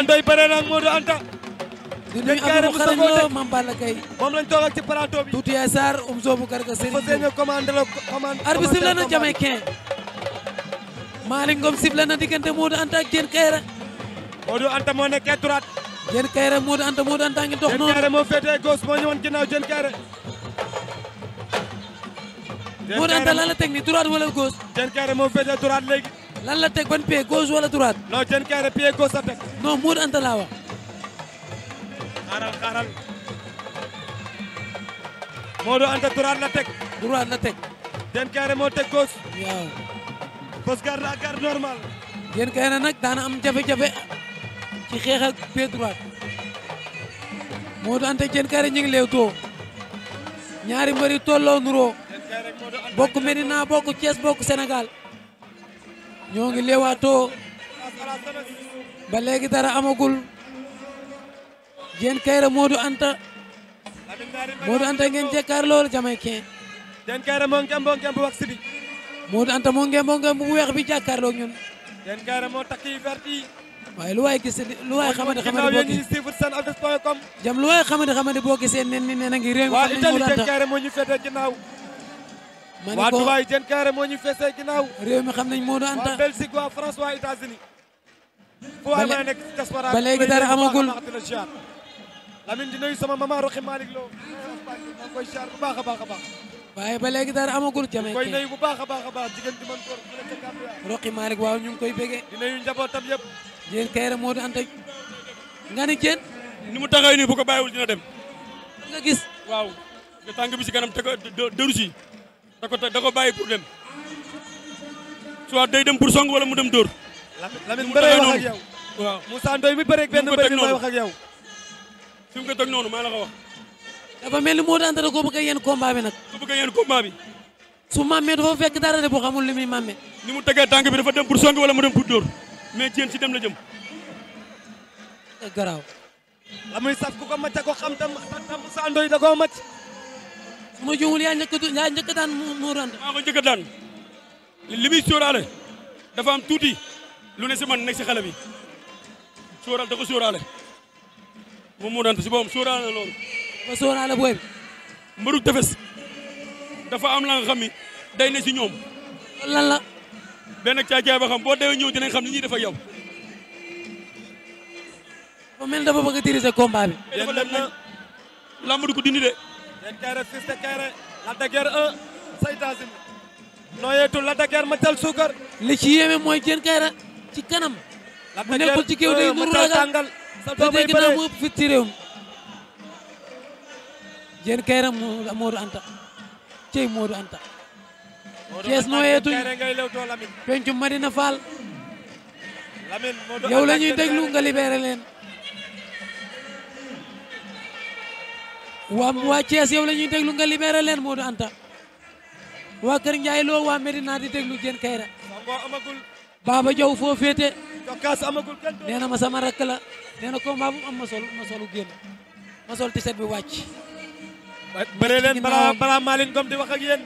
Andoy bëre na ak Modou Anta. di nuyu Abdou Xarañ Mame Balla Gaye moom lañ toogal ci plateau bi. tuuti yaay Sarr um soobu Garga Serigne. fa seen commande la commande. arbitre sifflé na Jamaïcain. Malick Ngom sifflé na diggante Modou Anta ak Diène Kaïré. Modou Anta moo nekkee droite. Diène Kaïré Modou Anta Modou Anta ngi dox noonu. Diène moo féetee gauche moo ñëwoon ginnaaw Diène Kaïré. Modou Anta lan la teg nii wala gauche. Diène Kaïré moo féetee droite léegi. lan la teg ban pied gauche wala droite. non Diène Kairé pied la teg. non Modou Anta laa xaaral xaaral. Modou Anta droite la teg. droite la teg. Diène Kairé teg gauche. waaw. fausse garde ak garde normal. Diène Kairé daana am jafe-jafe ci xeex ak pied droite. Anta Diène Kairé ñu ñaari mbër yi tolloo bokk Medina bokk Thiès bokk Sénégal. ñoo ngi leewaatoo ba léegi dara amagul Diène Kaïré Modou Anta Modou Anta ngeen jekkaar lool Jamaïcain Diène Kaïré moo ngemboo ngembu wax si bi Modou Anta moo ngemboo ngembu bu weex bi jàkkaarloog ñun Diène Kaïré moo takk yi vert yi waaye lu waay gis lu waay xamante xamante boo gisee suivre seen affiche point com jam lu waay xamante xamante gisee nen ni nee na ngi réew mi waaw Italie Diène moo ñu féetee ginnaaw waa Dubaay Diène Kairé moo ñu fesee ginnaaw. réew mi xam nañ Modou Anta. waa Belgique waa France waa États-Unis fu waay mën a nekk ci diaspora ba léegi dara amagul Lamine di nuyu sama maman Roxi Malick Lo maa koy siyaar bu baax a baax a baax. waaye ba léegi dara amagul jamee koy nuyu bu baax a baax a baax jigéen di man góor bu la ca kàddu Roxi Malick waaw ñu ngi koy bégee. di nuyu njabootam yëpp. Diène Kairé Modou Anta. nga ni Diène. ni mu taxawee nii bu ko bàyyiwul dina dem. nga gis waaw. nga tànk bi si kanam teg a dëru si. da ko da ko bàyyi pour dem soit day dem pour song wala mu dem dóor. Lamine mu bëree wax ak yow waaw Moussa Ndoye mi bëree benn bëri bi may wax ak yow. fi mu ko teg noonu maa la ko wax. dafa mel ni moo daan dara koo bëgg a yéen combat bi nag. bëgg a yéen combat bi. su mammee dafa fekk dara de boo xamul li muy mu tegee tànk bi dafa dem pour song wala mu dem pour dóor mais jéem si dem la jëm. garaaw. la muy saf ku ko macca ko xam tam tam Moussa Ndoye da koo macc. su ma juumul yaa njëkk yaa njëkk daan mu maa ko njëkk daan li muy dafa am tuuti lu ne si man nekk si xale bi sóoraal da ko sóoraale si boppam sóoraale mbaru tefes dafa am la nga xam ni day ne si ñoom lan la benn caacaay xam boo dee ñëw dinañ xam li ñuy def ak dafa mel dafa bëgg a diriger combat bi dafa dem na lamb de yéen Kayre fils ma cal suukar li ci yéeme mooy jën Kayre ci kanam mu nekkul ci géew day nuru ragal te dégg naa mu fit ci réew mi jën Kayre Modou Anta cey Modou Anta Cees nooyeetuñ pencum Madina Fall yow la ñuy déglu nga libéré waa waa Thiès yow la déglu nga libéré leen Modou Anta waa Kër Ndiaye loo waa Medina di déglu Diène Kaïré Baba Diaw foo féete ma sama rakk la nee na combat bu am ma sol ma solu génn bi wàcc bëre leen balaa balaa Malick di wax ak yéen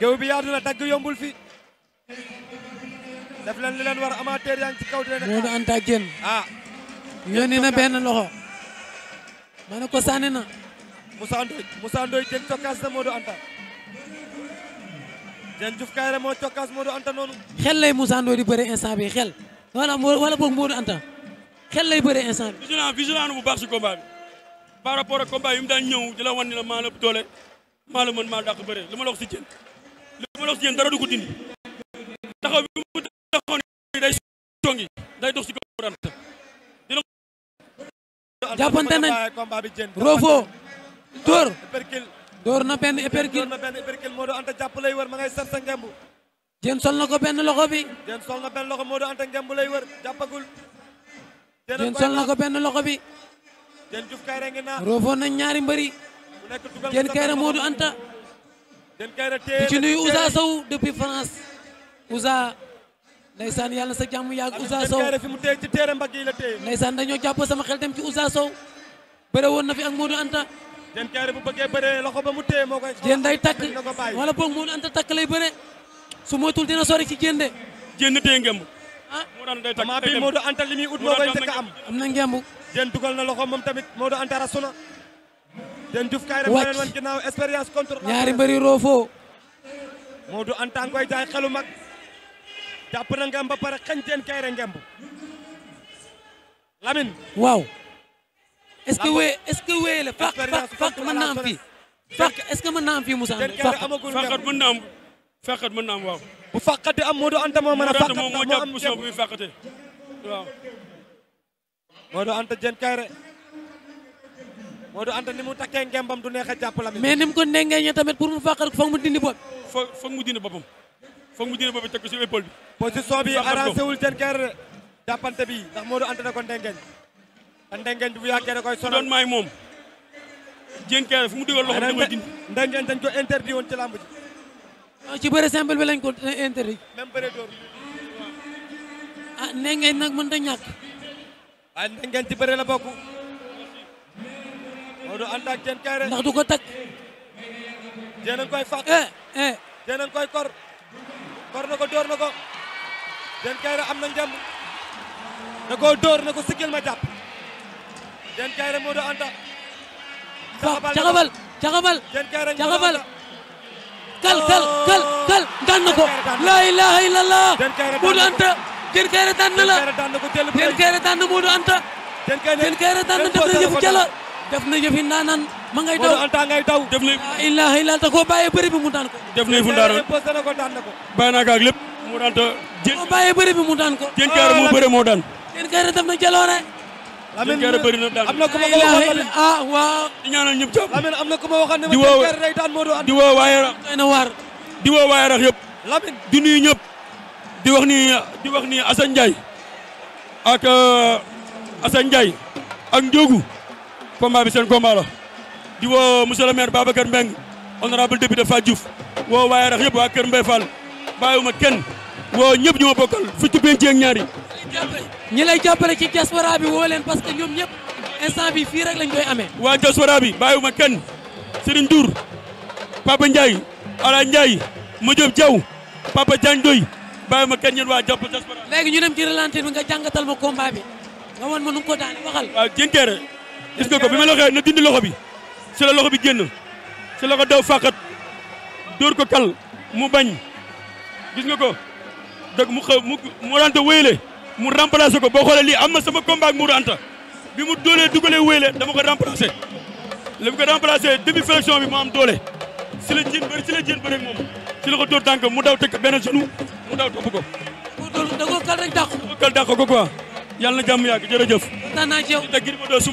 géew bi yaatu na tagg yombul fi def leen li leen war amateur yaa ngi ah. loxo ma ne ko sànni na. Moussa Ndoye Moussa Ndoye jën cokkaas na Modou Anta. jën Diouf Kayre moo cokkaas Modou Anta noonu. xel lay Moussa Ndoye di bëre instant bi xel. wala wala boog Modou Anta xel lay bëre instant bi. vigilant bu baax si combat bi. par rapport ak combat yi mu daan ñëw di la wan ni la maa la doole maa la mën maa ma la jën. li ma la jën dara du ko dindi. taxaw bi mu taxaw ni day songi day dox si Modou Anta. jàppante nañ roofoo dóor dóor na benn épercule Modou Anta jàpp lay wër sa ngemb jeen sol na ko benn loxo bi jeen sol na benn loxo Modou Anta ngemb lay ko benn loxo bi jeen juf kayre ngi naa roofoo nañ ñaari mbëri jeen kayre Modou Anta di ci nuyu Ousa Sow depuis France Ousa ndeysaan yàlla sa jàmm yàgg Ousa Sow fi mu téye ci téere mbagg yi la téye ndeysaan dañoo jàpp sama xel dem ci Ousa Sow bëre woon na fi ak ba mu téye moo koy jën day takk wala boog Modou Anta takk lay bëre su moytul dina sori ci jënde jënd téye ngemb ah maa bi Modou Anta li muy ut moo koy njëkk a am am na ngemb jën dugal na loxo moom tamit Modou Anta rasu na jën juf kaay rek leen wan ginnaaw expérience contre ñaari mbëri roofoo Modou Anta ngoy jaay xelu mag jàpp na ngem ba pare xañteen kayre ngemb waaw est-ce que wéy est-ce que wéy la fàq fàq fàq mën am fii fàq ce que mën naam am fii Moussa fàqat mën na am fàqat mën na am waaw bu fàqate am Modou Anta moo mën a fàqat moo jàpp position bu fàqate waaw Modou Anta jën kayre Modou Anta ni mu takkee ngembam du neex a jàpp Lamine mais ni mu ko nengee tamit pour mu fàqal ko foog mu dindi bopp foog mu dindi boppam foog mu dindi boppam teg ko si épaule bi position bi arrangé wul seen kër jàppante bi ndax Modou Anta na ko ndengeñ te ndengeñ bi bu yàggee da koy sonal doon maay moom jën kër fu mu digal loxo dama dindi ndengeñ dañ ko interdit woon ci làmb ji ah, ci bëre simple bi lañ ko interdit même bëre door ah ndengeñ nag mën ta ñàkk waaye ndengeñ ci bëre la bokk Modou Anta ak jën kër ndax du ko takk jën koy fàq eh, eh. jën a koy kor kor na ko door na ko Den Kaïré am na njëmb da koo dóor na ko siggil ma jàpp Den Kaïré Modou Anta. caxabal caxabal caxabal kal kal kal kal daan na ko. laa ilaaha illallah. Modou Anta Den Kaïré daan na la Den Kaïré daan na Modou Anta. Den Kaïré daan na def na yëfu jala def na yëfi naanan ma ngay daw Modou Anta ngay daw. def na yëfu laa ilaaha illallah da koo bàyyi bëri bi mu daan ko. def na yëfu ndaaran bàyyi naa ko ak lépp. mu daan te. jën moo mu daan ko. jën ah, moo daan. jën kaara def na jaloore. jën kaara bëri daan ah, am na ku ma waxoon ne ah waaw. di ñaanal ñëpp jàpp. Lamine am di woo waaye rax yëpp. di nuyu ñëpp. di wax ni di wax ak Assane Ndiaye ak euh, Ndiogu combat bi seen combat la di woo monsieur le maire Babacar Mbengue honorable député Fatou Diouf woo waaye rax yëpp waa Kër Mbaye ma kenn woo ñëpp ñu ma bokkal fukki penc ak ñaari ñi lay jàppale ci diaspora bi woo leen ñoom ñëpp instant bi fii rek lañ koy ame waa diaspora bi ma kenn Serigne Ndour Papa Ndiaye Ala Ndiaye Madiop jaw Papa Diagne Doy bàyyiwuma kenn ñeen waa jàpp diaspora léegi ñu dem ci bi nga jàngatal ma combat bi nga woon ma nu ko daane waxal waaw jénkeere gis ko bi ma la na dindi loxo bi si la loxo bi génn si la ko daw fàqat dóor gis nga ko dëgg mu xaw mu Mor Anta wéyle mu remplacé ko boo xoolee lii am na sama combat ak Mor bi mu doolee dugalee wéyle dama ko remplacé li mu ko remplacé demi fraction bi mu am doole si la jën bëri si la jën bëri moom si la mu daw tëkk benn sunu mu daw topp ko. da nga kal rek dàq. da nga kal dàq ko a yàlla na jàmm yàgg jërëjëf. kontaan naa ci